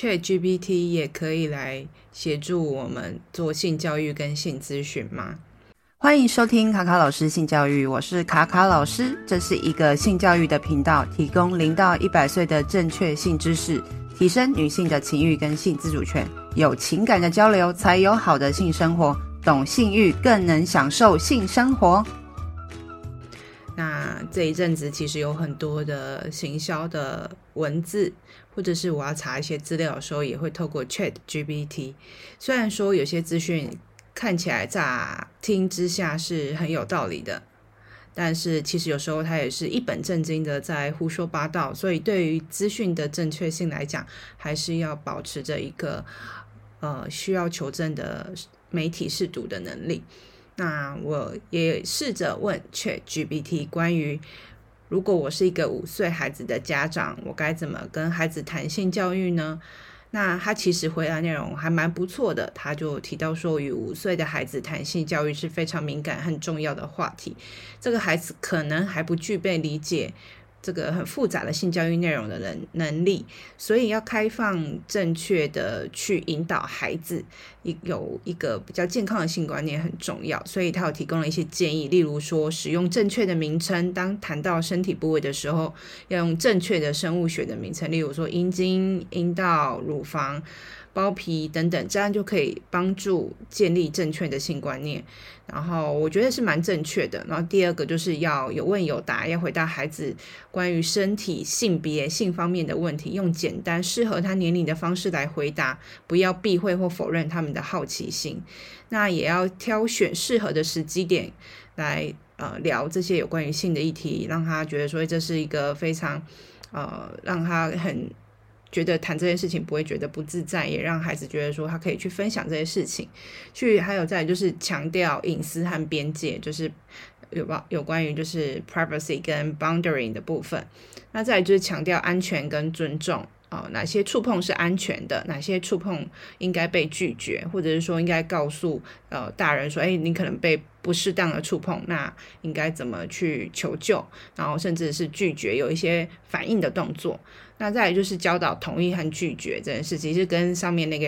Chat GPT 也可以來協助我們做性教育跟性諮詢嗎？歡迎收聽卡卡老師性教育，我是卡卡老師，這是一個性教育的頻道，提供零到一百歲的正確性知識，提升女性的情慾跟性自主權，有情感的交流才有好的性生活，懂性慾更能享受性生活。這一陣子其實有很多的行銷的文字，或者是我要查一些資料的時候，也會透過 ChatGPT。雖然說有些資訊看起來乍聽之下是很有道理的，但是其實有時候它也是一本正經的在胡說八道。所以對於資訊的正確性來講，還是要保持着一個呃需要求證的媒體識讀的能力。那我也試着問 ChatGPT 關於，如果我是一個五歲孩子的家長，我該怎麼跟孩子談性教育呢？那他其實回答內容還蠻不錯的，他就提到說，與五歲的孩子談性教育是非常敏感、很重要的話題，這個孩子可能還不具備理解。這個很複雜的性教育內容的能能力，所以要開放正確的去引導孩子，一有一個比較健康的性觀念很重要。所以他有提供了一些建議，例如說使用正確的名稱，當談到身體部位的時候，要用正確的生物學的名稱，例如說陰莖、陰道、乳房、包皮等等，這樣就可以幫助建立正確的性觀念。然後我覺得是蠻正確的。然後第二個就是要有問有答，要回答孩子關於身體、性別、性方面的問題，用簡單適合他年齡的方式來回答，不要避諱或否認他們的好奇心。那也要挑選適合的時機點來呃聊這些有關於性的議題，讓他覺得說這是一個非常呃讓他很。覺得談這些事情不會覺得不自在，也讓孩子覺得說他可以去分享這些事情，去還有再來就是強調隱私和邊界，就是有包有關於就是 privacy 跟 boundary 的部分，那再來就是強調安全跟尊重。呃，哪些觸碰是安全的？哪些觸碰應該被拒絕，或者是說應該告訴呃大人說，誒你可能被不適當的觸碰，那應該怎麼去求救？然後甚至是拒絕有一些反應的動作。那再來就是教導同意和拒絕這件事情，其實跟上面那個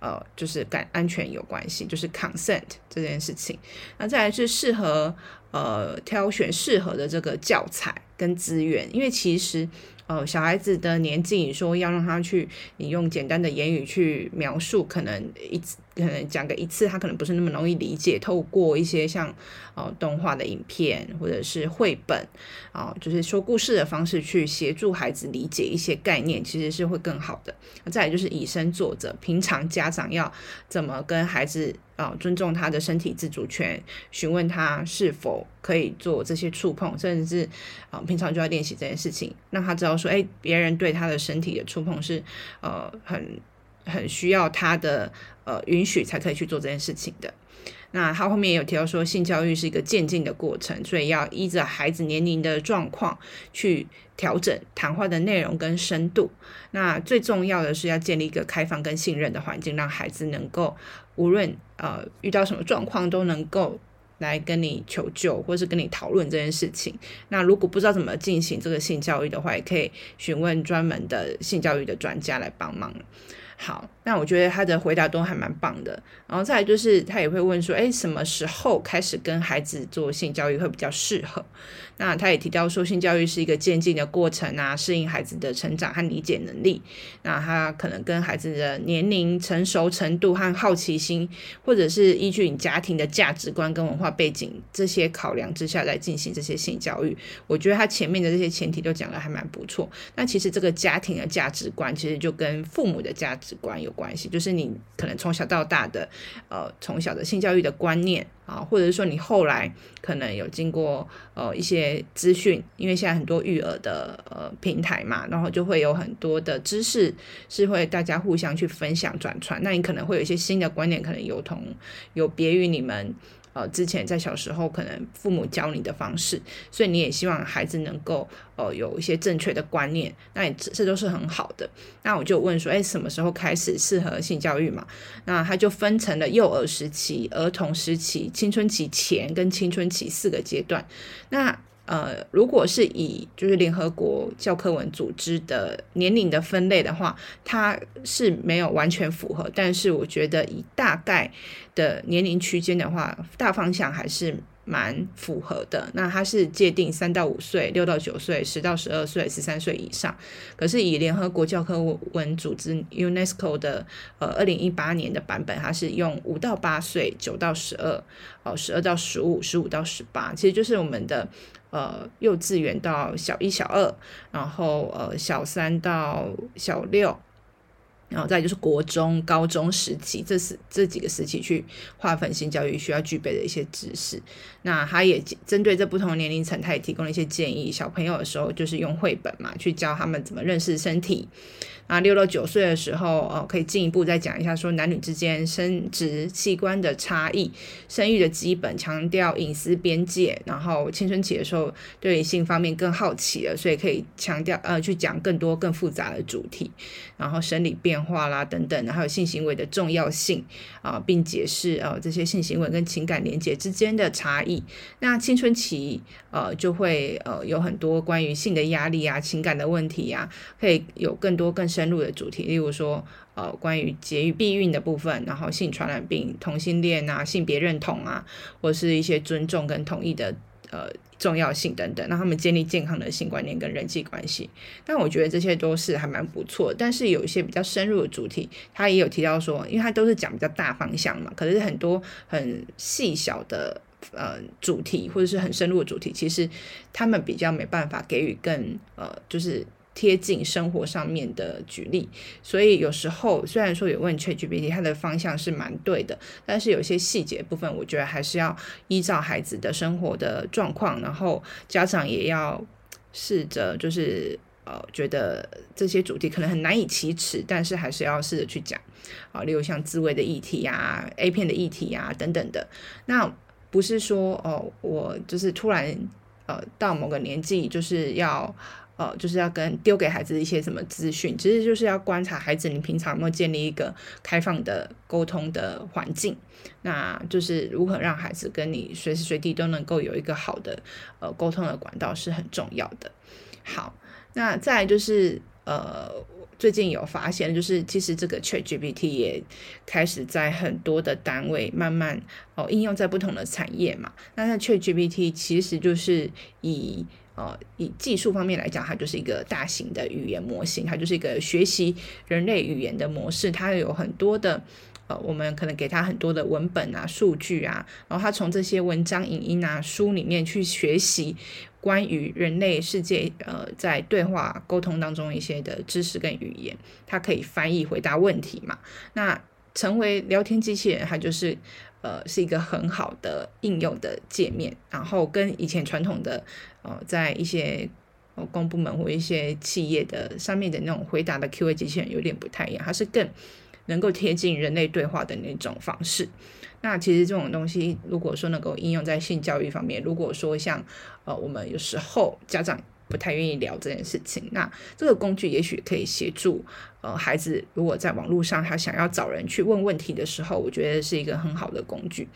呃，就是感安全有關係，就是 consent 這件事情。那再來是適合呃挑選適合的這個教材跟資源，因為其實。呃、哦，小孩子的年紀，你說要讓他去，你用簡單的言語去描述，可能一直。可能講個一次，他可能不是那麼容易理解。透過一些像哦、呃、動畫的影片或者是繪本，哦、呃、就是說故事的方式去協助孩子理解一些概念，其實是會更好的。再來就是以身作則，平常家長要怎麼跟孩子啊、呃、尊重他的身體自主權，詢問他是否可以做這些觸碰，甚至是啊、呃、平常就要練習這件事情，讓他知道說，哎，別人對他的身體的觸碰是呃很。很需要他的呃允許才可以去做這件事情的。那他後面也有提到說，性教育是一個漸進的過程，所以要依着孩子年齡的狀況去調整談話的內容跟深度。那最重要的是要建立一個開放跟信任的環境，讓孩子能夠無論呃遇到什麼狀況都能夠來跟你求救，或是跟你討論這件事情。那如果不知道怎麼進行這個性教育的話，也可以詢問專門的性教育的專家來幫忙。好，那我覺得他的回答都還蠻棒的。然後再來就是，他也會問說，哎，什麼時候開始跟孩子做性教育會比較適合？那他也提到說，性教育是一個漸進的過程啊，適應孩子的成長和理解能力。那他可能跟孩子的年齡、成熟程度和好奇心，或者是依據你家庭的價值觀跟文化背景這些考量之下來進行這些性教育。我覺得他前面的這些前提都講得還蠻不錯。那其實這個家庭的價值觀，其實就跟父母的價值。直觀有關係，就是你可能從小到大的，呃，從小的性教育的觀念啊，或者是說你後來可能有經過呃一些資訊，因為現在很多育兒的呃平台嘛，然後就會有很多的知識是會大家互相去分享轉傳，那你可能會有一些新的觀點，可能有同有別於你們。呃，之前在小時候可能父母教你的方式，所以你也希望孩子能夠呃有一些正確的觀念，那也這都是很好的。那我就問說，哎，什麼時候開始適合性教育嘛？那他就分成了幼兒時期、兒童時期、青春期前跟青春期四個階段。那呃，如果是以就是聯合國教科文組織的年齡的分類的話，它是沒有完全符合，但是我覺得以大概的年齡區間的話，大方向還是蠻符合的，那它是界定三到五歲、六到九歲、十到十二歲、十三歲以上。可是以聯合國教科文組織 UNESCO 的呃二零一八年的版本，它是用五到八歲、九到十二、呃、哦十二到十五、十五到十八，其實就是我們的呃幼稚園到小一小二，然後呃小三到小六，然後再就是國中、高中時期，這是這幾個時期去劃分性教育需要具備的一些知識。那他也針對這不同年齡層，他也提供了一些建議。小朋友的時候就是用繪本嘛，去教他們怎麼認識身體。啊，六到九歲的時候，呃、哦，可以進一步再講一下說男女之間生殖器官的差異、生育的基本，強調隱私邊界。然後青春期的時候，對性方面更好奇了，所以可以強調呃，去講更多更複雜的主題。然後生理變化。話啦，等等，還有性行為的重要性啊、呃，並解釋啊、呃、這些性行為跟情感連接之間的差異。那青春期呃就會呃有很多關於性的壓力啊、情感的問題啊，可以有更多更深入的主題，例如說呃關於節育、避孕的部分，然後性傳染病、同性戀吶、啊，性別認同啊，或是一些尊重跟同意的。呃，重要性等等，讓他們建立健康的性觀念跟人際關係。但我覺得這些都是還蠻不錯，但是有一些比較深入的主題，他也有提到說，因為他都是講比較大方向嘛，可是很多很細小的呃主題，或者是很深入的主題，其實他們比較沒辦法給予更呃就是。貼近生活上面的舉例，所以有時候雖然說有問 ChatGPT 它的方向是蠻對的，但是有些細節部分，我覺得還是要依照孩子的生活的狀況，然後家長也要試着就是呃，覺得這些主題可能很難以啟齒，但是還是要試着去講啊、呃，例如像自慰的議題呀、啊、A 片的議題呀、啊、等等的。那不是說哦、呃，我就是突然呃到某個年紀就是要。哦，就是要跟丟給孩子一些什麼資訊，其實就是要觀察孩子，你平常有沒有建立一個開放的溝通的環境？那就是如何讓孩子跟你隨時隨地都能夠有一個好的呃溝通的管道是很重要的。好，那再來就是呃，最近有發現，就是其實這個 ChatGPT 也開始在很多的單位慢慢哦應用在不同的產業嘛。那，那 ChatGPT 其實就是以呃，以技術方面來講，它就是一個大型的語言模型，它就是一個學習人類語言的模式。它有很多的，呃，我們可能給它很多的文本啊、數據啊，然後它從這些文章、影音啊、書裡面去學習關於人類世界，呃，在對話溝通當中一些的知識跟語言。它可以翻譯、回答問題嘛，那成為聊天機器人，它就是。呃，是一個很好的應用的界面，然後跟以前傳統的，呃，在一些呃公部門或一些企業的上面的那種回答的 Q&A 機器人有點不太一樣，它是更能夠貼近人類對話的那種方式。那其實這種東西，如果說能夠應用在性教育方面，如果說像呃我們有時候家長。不太願意聊這件事情。那這個工具也許可以協助呃孩子，如果在網絡上他想要找人去問問題的時候，我覺得是一個很好的工具。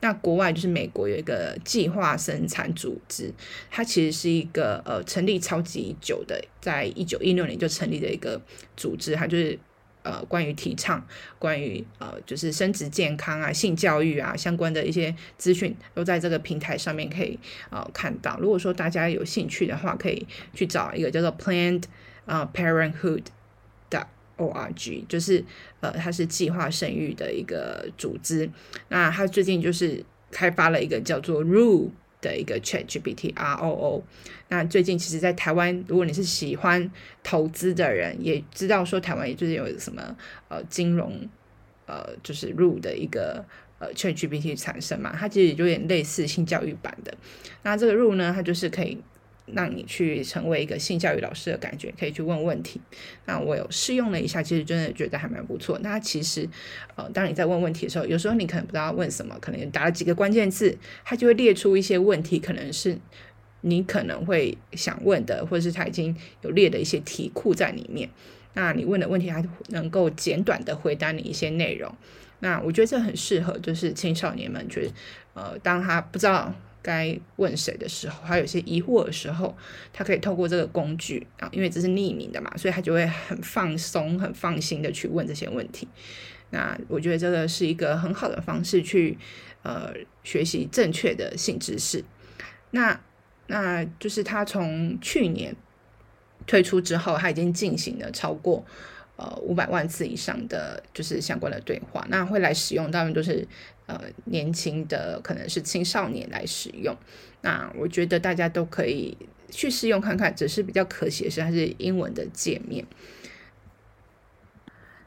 那國外就是美國有一個計劃生產組織，它其實是一個呃成立超級久的，在一九一六年就成立的一個組織，它就是。呃，關於提倡，關於呃，就是生殖健康啊、性教育啊相關的一些資訊，都在這個平台上面可以呃看到。如果說大家有興趣的話，可以去找一個叫做 Planned，呃 Parenthood 的 o r g，就是呃，它是計劃生育的一個組織。那它最近就是開發了一個叫做 Roo。的一個 ChatGPT Roo，那最近其實，在台灣，如果你是喜歡投資的人，也知道說台灣也最近有一個什麼呃金融呃就是入的一個呃 ChatGPT 產生嘛，它其實有點類似性教育版的。那這個 Roo 呢，它就是可以。讓你去成為一個性教育老師的感覺，可以去問問題。那我有試用了一下，其實真的覺得還蠻不錯。那其實，呃，當你在問問題的時候，有時候你可能不知道問什麼，可能打了幾個關鍵字，它就會列出一些問題，可能是你可能會想問的，或者是它已經有列的一些題庫在裡面。那你問的問題，它能夠簡短的回答你一些內容。那我覺得這很適合，就是青少年們覺得，呃，當他不知道，該問誰的時候，還有些疑惑的時候，他可以透過這個工具，啊。因為這是匿名的嘛，所以他就會很放鬆、很放心的去問這些問題。那我覺得這個是一個很好的方式去呃學習正確的性知識。那那就是他從去年推出之後，他已經進行了超過。呃，五百萬次以上的就是相關的對話，那會來使用，當然就是呃年輕的，可能是青少年來使用。那我覺得大家都可以去試用看看，只是比較可惜的是它是英文的界面。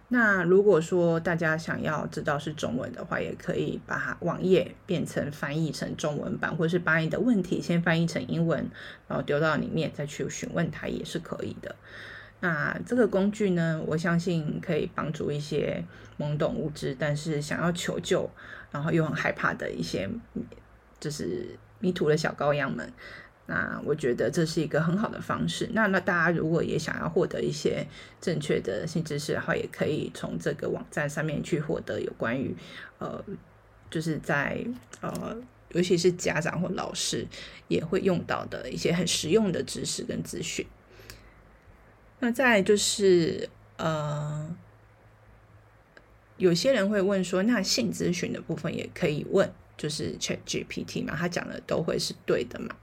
那如果說大家想要知道是中文的話，也可以把網頁變成翻譯成中文版，或是把你的問題先翻譯成英文，然後丟到裡面再去詢問它也是可以的。那這個工具呢，我相信可以幫助一些懵懂無知，但是想要求救，然後又很害怕的一些就是迷途的小羔羊們。那我覺得這是一個很好的方式。那那大家如果也想要獲得一些正確的性知識的話，然後也可以從這個網站上面去獲得有關於，呃，就是在呃，尤其是家長或老師也會用到的一些很實用的知識跟資訊。那再來就是，呃，有些人會問說，那性諮詢的部分也可以問，就是 ChatGPT 嘛，他講的都會是對的嘛？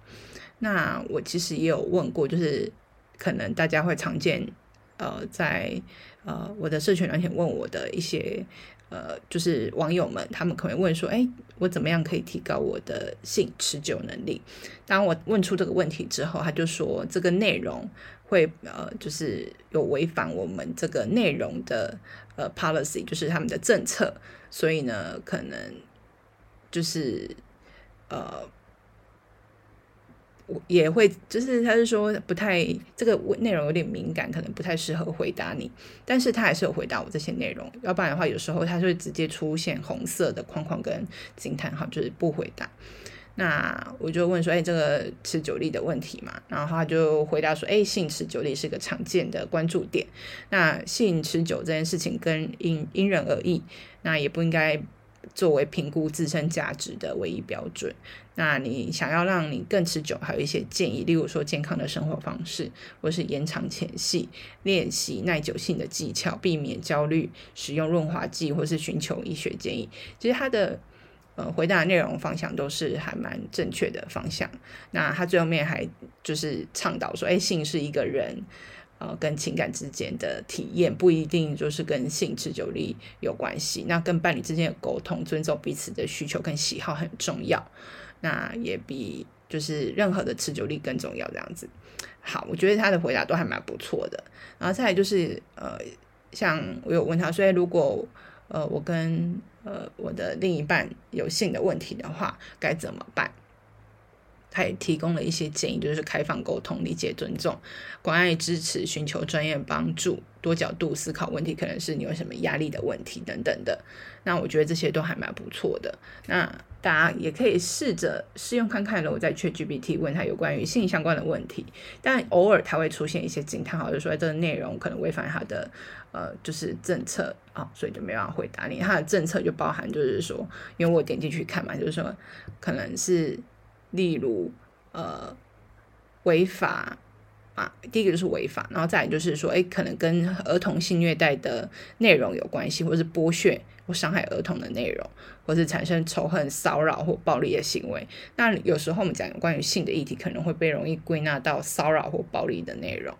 那我其實也有問過，就是可能大家會常見。呃，在呃我的社群聊天問我的一些呃就是網友們，他們可能會問說，哎、欸，我怎麼樣可以提高我的性持久能力？當我問出這個問題之後，他就說這個內容會呃就是有違反我們這個內容的呃 policy，就是他們的政策，所以呢可能就是呃。也會，就是他是說不太這個內容有點敏感，可能不太適合回答你。但是他還是有回答我這些內容，要不然的話，有時候他就會直接出現紅色的框框跟驚嘆號，就是不回答。那我就問說，哎，這個持久力的問題嘛，然後他就回答說，哎，性持久力是個常見的關注點。那性持久這件事情跟因因人而異，那也不應該。作為評估自身價值的唯一標準。那你想要讓你更持久，還有一些建議，例如說健康的生活方式，或是延長前戲，練習耐久性的技巧，避免焦慮，使用潤滑劑，或是尋求醫學建議。其實他的呃回答的內容方向都是還蠻正確的方向。那他最後面還就是倡導說，誒，性是一個人。呃，跟情感之間的體驗不一定就是跟性持久力有關係。那跟伴侶之間的溝通、尊重彼此的需求跟喜好很重要，那也比就是任何的持久力更重要。這樣子，好，我覺得他的回答都還蠻不錯的。然後再來就是，呃，像我有問他，所以如果呃我跟呃我的另一半有性的問題的話，該怎麼辦？他也提供了一些建議，就是開放溝通、理解尊重、關愛支持、尋求專業幫助、多角度思考問題，可能是你有什麼壓力的問題等等的。那我覺得這些都還蠻不錯的。那大家也可以試着試用看看了。我在 ChatGPT 問他有關於性相關的問題，但偶爾它會出現一些驚嘆號，就是說這個內容可能違反它的呃就是政策啊、哦，所以就沒辦法回答你。它的政策就包含就是說，因為我點進去看嘛，就是說可能是。例如，呃，違法啊，第一個就是違法，然後再來就是說，哎、欸，可能跟兒童性虐待的內容有關係，或者是剝削或傷害兒童的內容，或是產生仇恨、騷擾或暴力的行為。那有時候我們講有關於性的議題，可能會被容易歸納到騷擾或暴力的內容。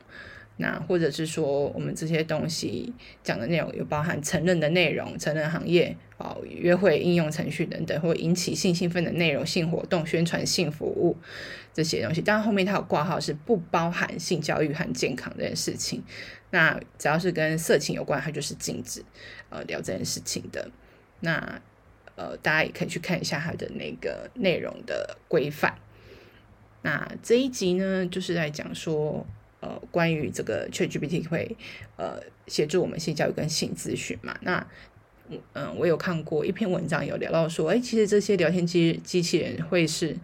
那或者是說，我們這些東西講的內容有包含成人的內容、成人行業哦、約會應用程序等等，或引起性興奮的內容、性活動、宣傳性服務這些東西。但後面它有掛號，是不包含性教育和健康這件事情。那只要是跟色情有關，它就是禁止呃聊這件事情的。那呃，大家也可以去看一下它的那個內容的規範。那這一集呢，就是在講說。呃，關於這個 ChatGPT 會呃協助我們性教育跟性諮詢嘛？那嗯、呃，我有看過一篇文章，有聊到說，哎、欸，其實這些聊天機機器人會是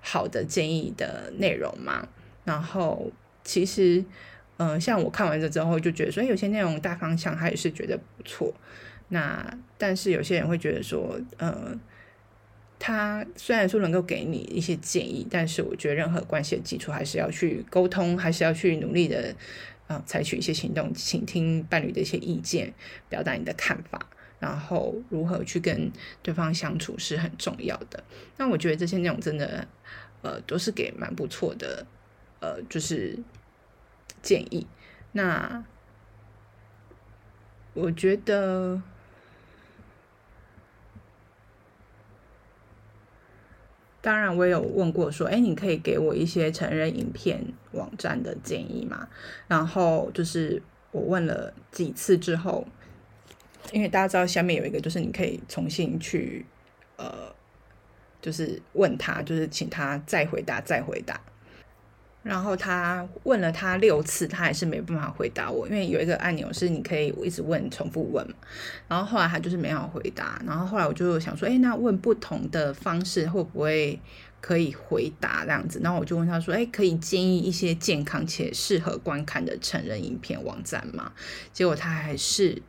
好的建議的內容嘛。然後其實，嗯、呃，像我看完這之後就覺得說，說、欸、有些內容大方向還是覺得不錯。那但是有些人會覺得說，呃。他雖然說能夠給你一些建議，但是我覺得任何關係的基礎還是要去溝通，還是要去努力的，啊、呃，採取一些行動，傾聽伴侶的一些意見，表達你的看法，然後如何去跟對方相處是很重要的。那我覺得這些內容真的，呃，都是給蠻不錯的，呃，就是建議。那我覺得。當然，我也有問過，說，誒，你可以給我一些成人影片網站的建議嗎？然後就是我問了幾次之後，因為大家知道下面有一個，就是你可以重新去，呃，就是問他，就是請他再回答，再回答。然後他問了他六次，他還是沒辦法回答我，因為有一個按鈕是你可以一直問、重複問嘛。然後後來他就是沒有回答。然後後來我就想說，哎，那問不同的方式會不會可以回答這樣子？然後我就問他說，哎，可以建議一些健康且適合觀看的成人影片網站嗎？結果他還是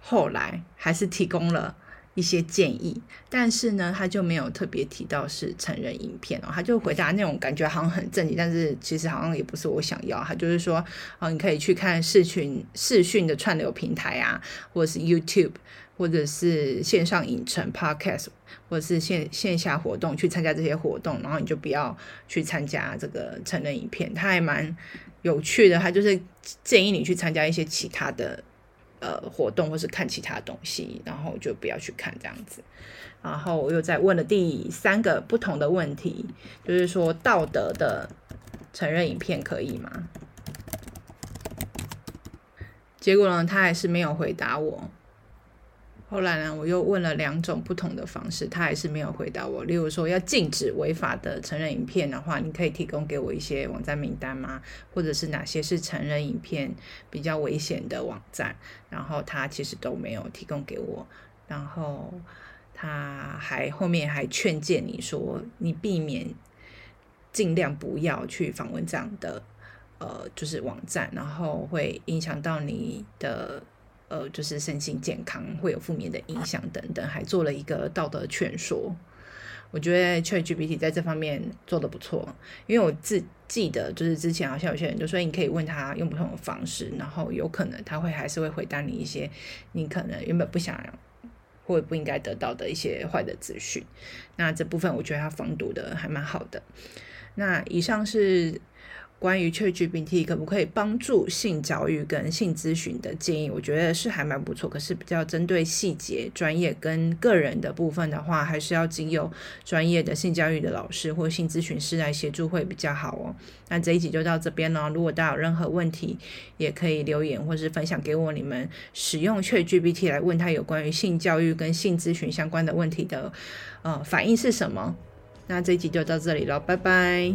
後來還是提供了。一些建議，但是呢，他就沒有特別提到是成人影片哦。他就回答那種感覺好像很正經，但是其實好像也不是我想要。他就是說，啊，哦，你可以去看視群視訊的串流平台啊，或者是 YouTube，或者是線上影城 Podcast，或者是線線下活動去參加這些活動，然後你就不要去參加這個成人影片。他還蠻有趣的，他就是建議你去參加一些其他的。呃，活動或是看其他東西，然後就不要去看這樣子。然後我又再問了第三個不同的問題，就是說道德的成人影片可以嗎？結果呢，他還是沒有回答我。後來呢，我又問了兩種不同的方式，他還是沒有回答我。例如說，要禁止違法的成人影片的話，你可以提供給我一些網站名單嗎？或者是哪些是成人影片比較危險的網站？然後他其實都沒有提供給我。然後他還後面還勸誡你說，你避免盡量不要去訪問這樣的呃，就是網站，然後會影響到你的。呃，就是身心健康會有負面的影響等等，還做了一個道德勸說。我覺得 ChatGPT 在這方面做得不錯，因為我自記得就是之前好像有些人就說，你可以問他用不同的方式，然後有可能他會還是會回答你一些你可能原本不想或者不應該得到的一些壞的資訊。那這部分我覺得他防堵的還蠻好的。那以上是。關於 ChatGPT 可不可以幫助性教育跟性諮詢的建議，我覺得是還蠻不錯。可是比較針對細節、專業跟個人的部分的話，還是要經由專業的性教育的老師或性諮詢師來協助會比較好哦。那這一集就到這邊囉。如果大家有任何問題，也可以留言或是分享給我你們使用 ChatGPT 來問他有關於性教育跟性諮詢相關的問題的，呃，反應是什麼？那這一集就到這裡囉，拜拜。